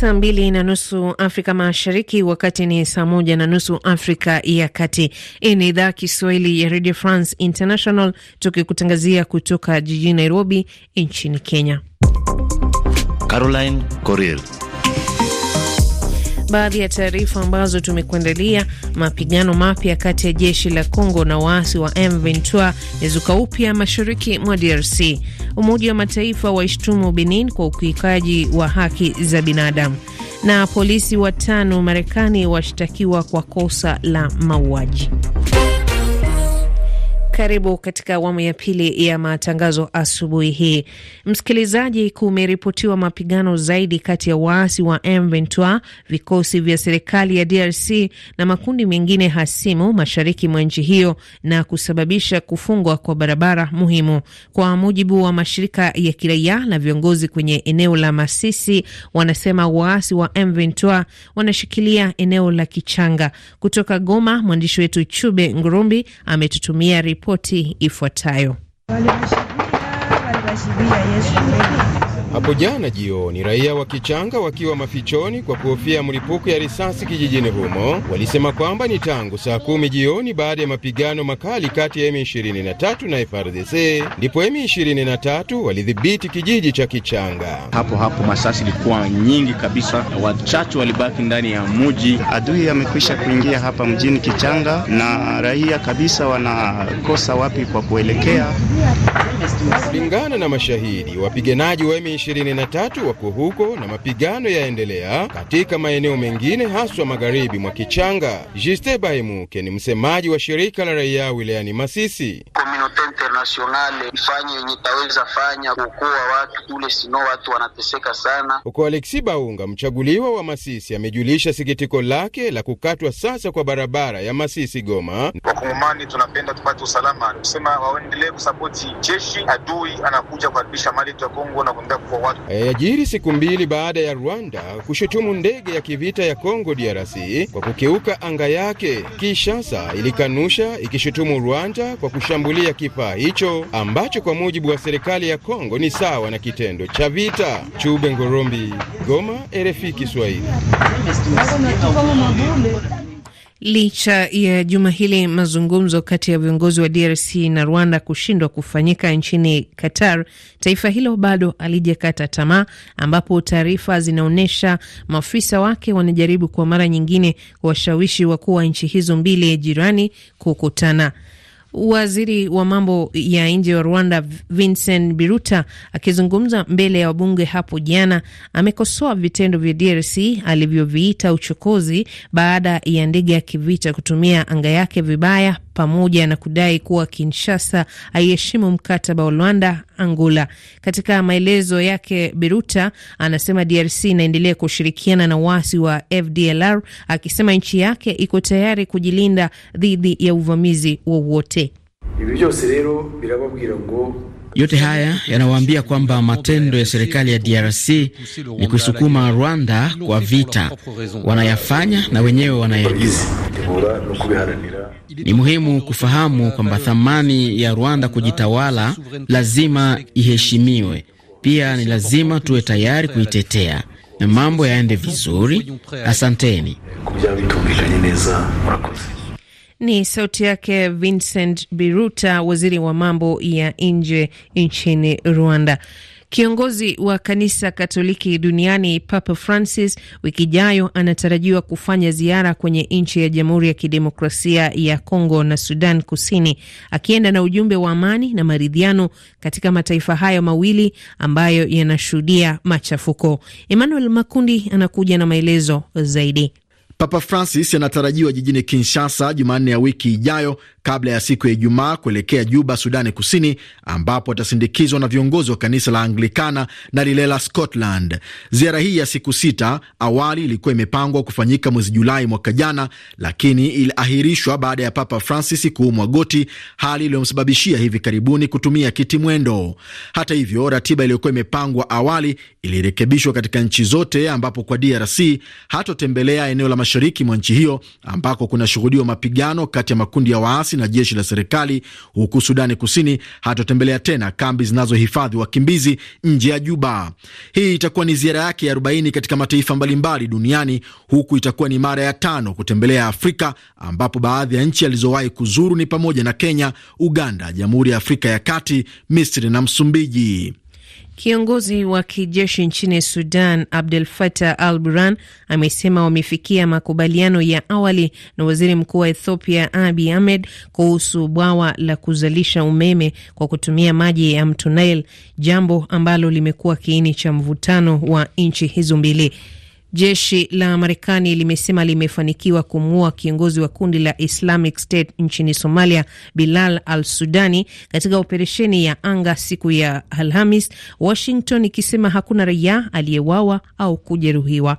saa mbili na nusu Afrika Mashariki, wakati ni saa moja na nusu Afrika ya Kati. Hii ni idhaa Kiswahili ya Radio France International, tukikutangazia kutoka jijini Nairobi nchini Kenya. Caroline Coril Baadhi ya taarifa ambazo tumekuandalia: mapigano mapya kati ya jeshi la Congo na waasi wa M23 yazuka upya mashariki mwa DRC. Umoja wa Mataifa waishtumu Benin kwa ukiukaji wa haki za binadamu, na polisi watano Marekani washtakiwa kwa kosa la mauaji. Karibu katika awamu ya pili ya matangazo asubuhi hii, msikilizaji. Kumeripotiwa mapigano zaidi kati ya waasi wa M23, vikosi vya serikali ya DRC na makundi mengine hasimu mashariki mwa nchi hiyo na kusababisha kufungwa kwa barabara muhimu. Kwa mujibu wa mashirika ya kiraia na viongozi kwenye eneo la Masisi, wanasema waasi wa M23 wanashikilia eneo la Kichanga. Kutoka Goma, mwandishi wetu Chube Ngurumbi ametutumia ripoti ripoti ifuatayo. Hapo jana jioni, raia wa Kichanga wakiwa mafichoni kwa kuhofia mlipuko ya risasi kijijini humo walisema kwamba ni tangu saa kumi jioni baada ya mapigano makali kati ya M23 na frdc ndipo M23 walidhibiti kijiji cha Kichanga. Hapo hapo masasi ilikuwa nyingi kabisa, wachache walibaki ndani ya muji. Adui amekwisha kuingia hapa mjini Kichanga na raia kabisa wanakosa wapi kwa kuelekea. Kulingana na mashahidi, wapiganaji wa M23 23 wako huko na mapigano yaendelea katika maeneo mengine haswa magharibi mwa Kichanga. Juste Baimuke ni msemaji wa shirika la raia wilayani Masisi internationale ifanye yenye itaweza fanya kuokoa watu kule, sino watu wanateseka sana huko. Alexi Baunga, mchaguliwa wa Masisi, amejulisha sikitiko lake la kukatwa sasa kwa barabara ya Masisi Goma. Wakongomani tunapenda tupate usalama, kusema waendelee kusapoti jeshi, adui anakuja kuharibisha mali ya Kongo na kuendelea kuua watu. Ayajiri eh, siku mbili baada ya Rwanda kushutumu ndege ya kivita ya Kongo DRC kwa kukiuka anga yake. Kinshasa ilikanusha ikishutumu Rwanda kwa kushambulia kipaa hicho ambacho kwa mujibu wa serikali ya Kongo ni sawa na kitendo cha vita. Chube Ngorombi, Goma, RFI Kiswahili. Licha ya juma hili mazungumzo kati ya viongozi wa DRC na Rwanda kushindwa kufanyika nchini Qatar, taifa hilo bado alijekata tamaa, ambapo taarifa zinaonyesha maafisa wake wanajaribu kwa mara nyingine kuwashawishi wakuu wa nchi hizo mbili jirani kukutana. Waziri wa mambo ya nje wa Rwanda Vincent Biruta akizungumza mbele ya wabunge hapo jana amekosoa vitendo vya DRC alivyoviita uchokozi baada ya ndege ya kivita kutumia anga yake vibaya pamoja na kudai kuwa Kinshasa haiheshimu mkataba wa Luanda Angola. Katika maelezo yake, Biruta anasema DRC inaendelea kushirikiana na waasi wa FDLR, akisema nchi yake iko tayari kujilinda dhidi ya uvamizi wowote. Yote haya yanawaambia kwamba matendo ya serikali ya DRC ni kuisukuma Rwanda kwa vita. Wanayafanya na wenyewe wanayajua. Ni muhimu kufahamu kwamba thamani ya Rwanda kujitawala lazima iheshimiwe. Pia ni lazima tuwe tayari kuitetea na mambo yaende vizuri. Asanteni. Ni sauti yake Vincent Biruta, waziri wa mambo ya nje nchini Rwanda. Kiongozi wa kanisa Katoliki duniani Papa Francis wiki ijayo anatarajiwa kufanya ziara kwenye nchi ya Jamhuri ya Kidemokrasia ya Kongo na Sudan Kusini, akienda na ujumbe wa amani na maridhiano katika mataifa hayo mawili ambayo yanashuhudia machafuko. Emmanuel Makundi anakuja na maelezo zaidi. Papa Francis anatarajiwa jijini Kinshasa Jumanne ya wiki ijayo kabla ya siku ya Ijumaa kuelekea Juba, Sudani Kusini, ambapo atasindikizwa na viongozi wa kanisa la Anglikana na lile la Scotland. Ziara hii ya siku sita awali ilikuwa imepangwa kufanyika mwezi Julai mwaka jana, lakini iliahirishwa baada ya Papa Francis kuumwa goti, hali iliyomsababishia hivi karibuni kutumia kiti mwendo. Hata hivyo, ratiba iliyokuwa imepangwa awali ilirekebishwa katika nchi zote, ambapo kwa DRC hatotembelea eneo la mashariki mwa nchi hiyo ambako kunashuhudiwa mapigano kati ya makundi ya waasi na jeshi la serikali, huku Sudani Kusini hatotembelea tena kambi zinazohifadhi wakimbizi nje ya Juba. Hii itakuwa ni ziara yake ya 40 katika mataifa mbalimbali duniani, huku itakuwa ni mara ya tano kutembelea Afrika, ambapo baadhi ya nchi alizowahi kuzuru ni pamoja na Kenya, Uganda, Jamhuri ya Afrika ya Kati, Misri na Msumbiji. Kiongozi wa kijeshi nchini Sudan, abdul fatah al buran amesema wamefikia makubaliano ya awali na waziri mkuu wa Ethiopia abi Ahmed kuhusu bwawa la kuzalisha umeme kwa kutumia maji ya mto Nile, jambo ambalo limekuwa kiini cha mvutano wa nchi hizo mbili. Jeshi la Marekani limesema limefanikiwa kumuua kiongozi wa kundi la Islamic State nchini Somalia, Bilal al Sudani, katika operesheni ya anga siku ya Alhamis, Washington ikisema hakuna raia aliyewawa au kujeruhiwa.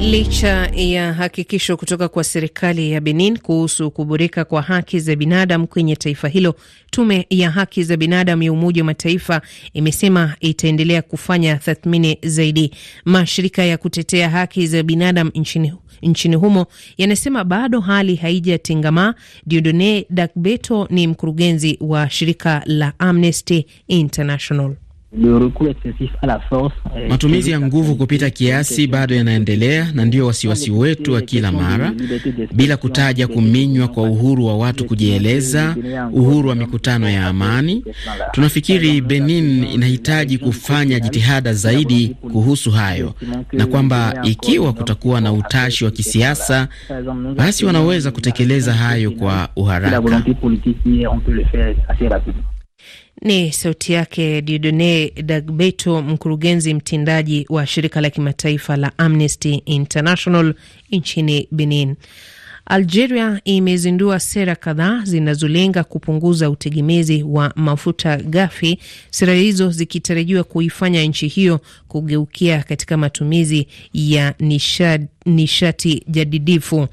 Licha ya hakikisho kutoka kwa serikali ya Benin kuhusu kuboreka kwa haki za binadamu kwenye taifa hilo, tume ya haki za binadamu ya Umoja wa Mataifa imesema itaendelea kufanya tathmini zaidi. Mashirika ya kutetea haki za binadamu nchini, nchini humo yanasema bado hali haijatengamaa. Diodone Dakbeto ni mkurugenzi wa shirika la Amnesty International. Matumizi ya nguvu kupita kiasi bado yanaendelea na ndiyo wasiwasi wetu wa kila mara, bila kutaja kuminywa kwa uhuru wa watu kujieleza, uhuru wa mikutano ya amani. Tunafikiri Benin inahitaji kufanya jitihada zaidi kuhusu hayo, na kwamba ikiwa kutakuwa na utashi wa kisiasa, basi wanaweza kutekeleza hayo kwa uharaka. Ni sauti yake didone Dagbeto, mkurugenzi mtendaji wa shirika la kimataifa la Amnesty International nchini Benin. Algeria imezindua sera kadhaa zinazolenga kupunguza utegemezi wa mafuta ghafi, sera hizo zikitarajiwa kuifanya nchi hiyo kugeukia katika matumizi ya nishati jadidifu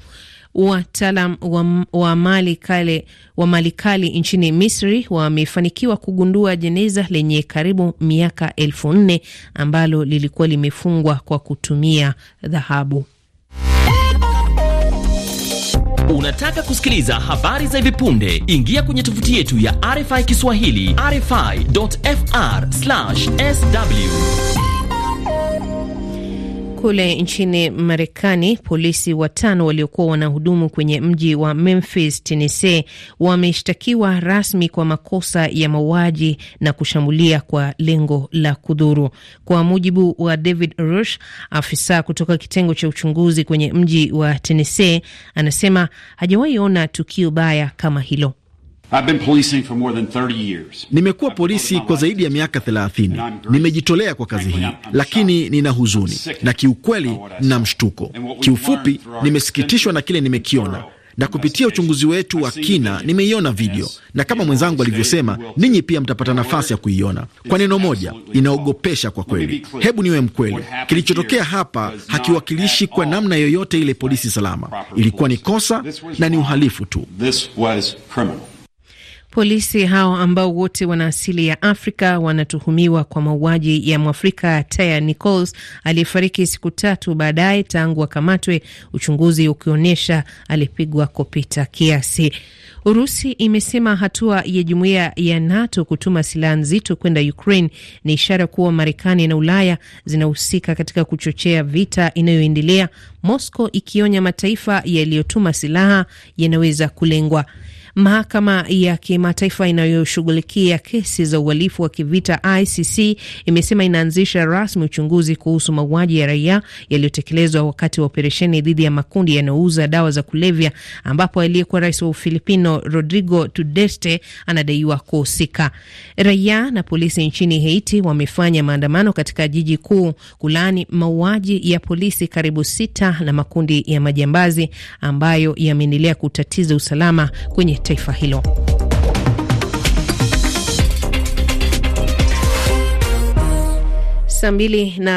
wataalam wa, wa mali kale wa mali kali nchini Misri wamefanikiwa kugundua jeneza lenye karibu miaka elfu nne ambalo lilikuwa limefungwa kwa kutumia dhahabu. Unataka kusikiliza habari za hivi punde? Ingia kwenye tovuti yetu ya RFI Kiswahili, rfi.fr/sw. Kule nchini Marekani, polisi watano waliokuwa wanahudumu kwenye mji wa Memphis, Tennessee, wameshtakiwa rasmi kwa makosa ya mauaji na kushambulia kwa lengo la kudhuru. Kwa mujibu wa David Rush, afisa kutoka kitengo cha uchunguzi kwenye mji wa Tennessee, anasema hajawahi ona tukio baya kama hilo. Nimekuwa polisi kwa zaidi ya miaka 30. Nimejitolea kwa kazi hii, lakini nina huzuni na kiukweli, nina mshtuko. Kiufupi, nimesikitishwa na kile nimekiona na kupitia uchunguzi wetu wa kina nimeiona video, na kama mwenzangu alivyosema, ninyi pia mtapata nafasi ya kuiona. Kwa neno moja, inaogopesha kwa kweli. Hebu niwe mkweli, kilichotokea hapa hakiwakilishi kwa namna yoyote ile polisi salama. Ilikuwa ni kosa na ni uhalifu tu. Polisi hao ambao wote wana asili ya Afrika wanatuhumiwa kwa mauaji ya mwafrika Taya Nichols aliyefariki siku tatu baadaye tangu akamatwe, uchunguzi ukionyesha alipigwa kupita kiasi. Urusi imesema hatua ya jumuiya ya NATO kutuma silaha nzito kwenda Ukraine ni ishara kuwa Marekani na Ulaya zinahusika katika kuchochea vita inayoendelea, Moscow ikionya mataifa yaliyotuma silaha yanaweza kulengwa. Mahakama ya kimataifa inayoshughulikia kesi za uhalifu wa kivita ICC imesema inaanzisha rasmi uchunguzi kuhusu mauaji ya raia yaliyotekelezwa wakati wa operesheni dhidi ya makundi yanayouza dawa za kulevya, ambapo aliyekuwa rais wa Ufilipino Rodrigo Duterte anadaiwa kuhusika. Raia na polisi nchini Haiti wamefanya maandamano katika jiji kuu kulaani mauaji ya polisi karibu sita na makundi ya majambazi ambayo yameendelea kutatiza usalama kwenye taifa hilo. Saa mbili na